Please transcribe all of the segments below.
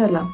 ሰላም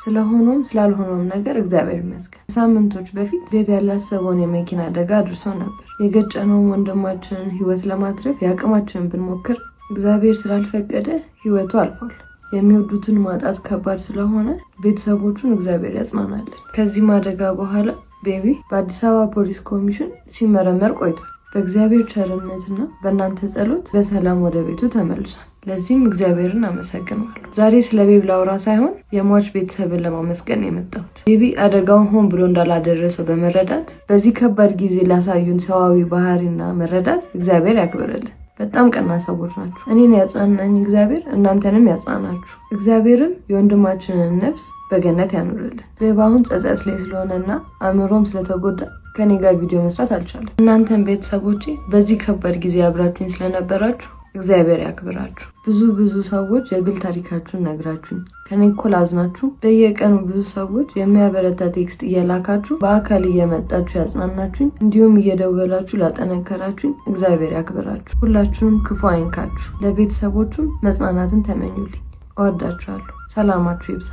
ስለሆነም ስላልሆነም ነገር እግዚአብሔር ይመስገን። ከሳምንቶች በፊት ቤቢ ያላሰበውን የመኪና አደጋ አድርሶ ነበር። የገጨነውን ወንድማችንን ህይወት ለማትረፍ የአቅማችንን ብንሞክር እግዚአብሔር ስላልፈቀደ ህይወቱ አልፏል። የሚወዱትን ማጣት ከባድ ስለሆነ ቤተሰቦቹን እግዚአብሔር ያጽናናለን። ከዚህም አደጋ በኋላ ቤቢ በአዲስ አበባ ፖሊስ ኮሚሽን ሲመረመር ቆይቷል። በእግዚአብሔር ቸርነትና በእናንተ ጸሎት በሰላም ወደ ቤቱ ተመልሷል። ለዚህም እግዚአብሔርን አመሰግናለሁ። ዛሬ ስለ ቤብ ላውራ ሳይሆን የሟች ቤተሰብን ለማመስገን የመጣሁት። ቤቢ አደጋውን ሆን ብሎ እንዳላደረሰው በመረዳት በዚህ ከባድ ጊዜ ላሳዩን ሰዋዊ ባህሪና መረዳት እግዚአብሔር ያክብርልን። በጣም ቀና ሰዎች ናችሁ። እኔን ያጽናናኝ እግዚአብሔር እናንተንም ያጽናናችሁ። እግዚአብሔርም የወንድማችንን ነፍስ በገነት ያኑርልን። ቤቢ አሁን ጸጸት ላይ ስለሆነና አእምሮም ስለተጎዳ ከኔ ጋር ቪዲዮ መስራት አልቻለም። እናንተን ቤተሰቦቼ በዚህ ከባድ ጊዜ አብራችሁኝ ስለነበራችሁ እግዚአብሔር ያክብራችሁ። ብዙ ብዙ ሰዎች የግል ታሪካችሁን ነግራችሁኝ ከኔ እኮ ላዝናችሁ። በየቀኑ ብዙ ሰዎች የሚያበረታ ቴክስት እየላካችሁ በአካል እየመጣችሁ ያጽናናችሁኝ፣ እንዲሁም እየደወላችሁ ላጠነከራችሁኝ እግዚአብሔር ያክብራችሁ። ሁላችሁንም ክፉ አይንካችሁ። ለቤተሰቦቹም መጽናናትን ተመኙልኝ። እወዳችኋለሁ። ሰላማችሁ ይብዛ።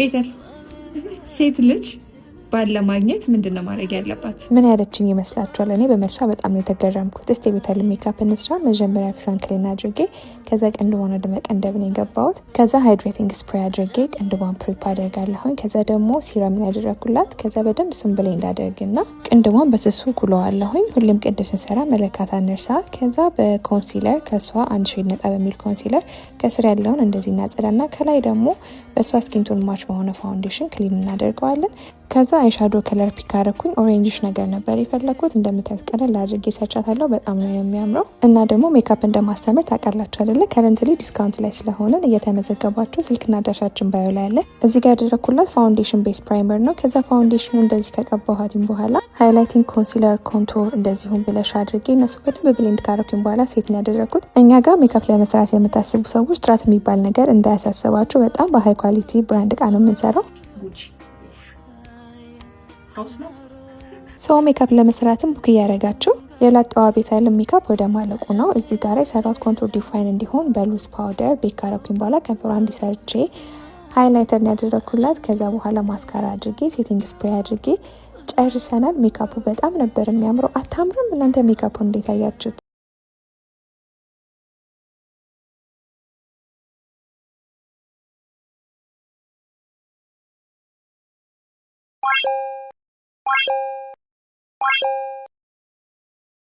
ቤተል ሴት ልጅ ባል ለማግኘት ምንድን ነው ማድረግ ያለባት? ምን ያለችኝ ይመስላችኋል? እኔ በመልሷ በጣም ነው የተገረምኩት። እስቲ ቤታል ሜካፕ እንስራ። መጀመሪያ ፊቷን ክሊን አድርጌ ከዛ ቅንድቧን ወደ መቀንደብ የገባሁት። ከዛ ሃይድሬቲንግ ስፕሬይ አድርጌ ቅንድቧን ፕሪፕ አደርጋለሁኝ። ከዛ ደግሞ ሲረምን ያደረግኩላት። ከዛ በደንብ እሱን ብሌ እንዳደርግና ቅንድቧን በስሱ ጉለዋለሁኝ። ሁሌም ቅንድብ ስንሰራ መለካት አንርሳ። ከዛ በኮንሲለር ከእሷ አንድ ሼድ ነጣ በሚል ኮንሲለር ከስር ያለውን እንደዚህ እናጸዳና ከላይ ደግሞ በእሷ ስኪንቶን ማች በሆነ ፋውንዴሽን ክሊን እናደርገዋለን ከዛ አይሻዶ ከለር ፒክ አረኩኝ። ኦሬንጅሽ ነገር ነበር የፈለግኩት። እንደምታዩት ቀለል አድርጌ ሰርቻታለሁ። በጣም ነው የሚያምረው እና ደግሞ ሜካፕ እንደማስተምር ታውቃላችሁ አይደለ? ከረንትሊ ዲስካውንት ላይ ስለሆነ እየተመዘገባችሁ ስልክና አድራሻችን ባዩ ላይ አለ። እዚህ ጋር ያደረኩላት ፋውንዴሽን ቤስ ፕራይመር ነው። ከዛ ፋውንዴሽኑ እንደዚህ ከቀባኋትም በኋላ ሃይላይቲንግ፣ ኮንሲለር፣ ኮንቶር እንደዚሁም ብለሽ አድርጌ እነሱ በደንብ ብሌንድ ካረኩኝ በኋላ ሴት ነው ያደረኩት። እኛ ጋር ሜካፕ ለመስራት የምታስቡ ሰዎች ጥራት የሚባል ነገር እንዳያሳስባችሁ፣ በጣም በሀይ ኳሊቲ ብራንድ እቃ ነው የምንሰራው። ሰው ሜካፕ ለመስራትም ቡክ እያደረጋችሁ ቤት ያለ ሜካፕ ወደ ማለቁ ነው። እዚህ ጋር የሰራት ኮንትሮል ዲፋይን እንዲሆን በሉዝ ፓውደር ቤክ ካረኩኝ በኋላ ከንፈሯ እንዲሰርቼ ሃይላይተር ያደረግኩላት ከዛ በኋላ ማስካራ አድርጌ ሴቲንግ ስፕሬይ አድርጌ ጨርሰናል። ሜካፑ በጣም ነበር የሚያምረው። አታምርም እናንተ? ሜካፑ እንዴት አያችሁት? you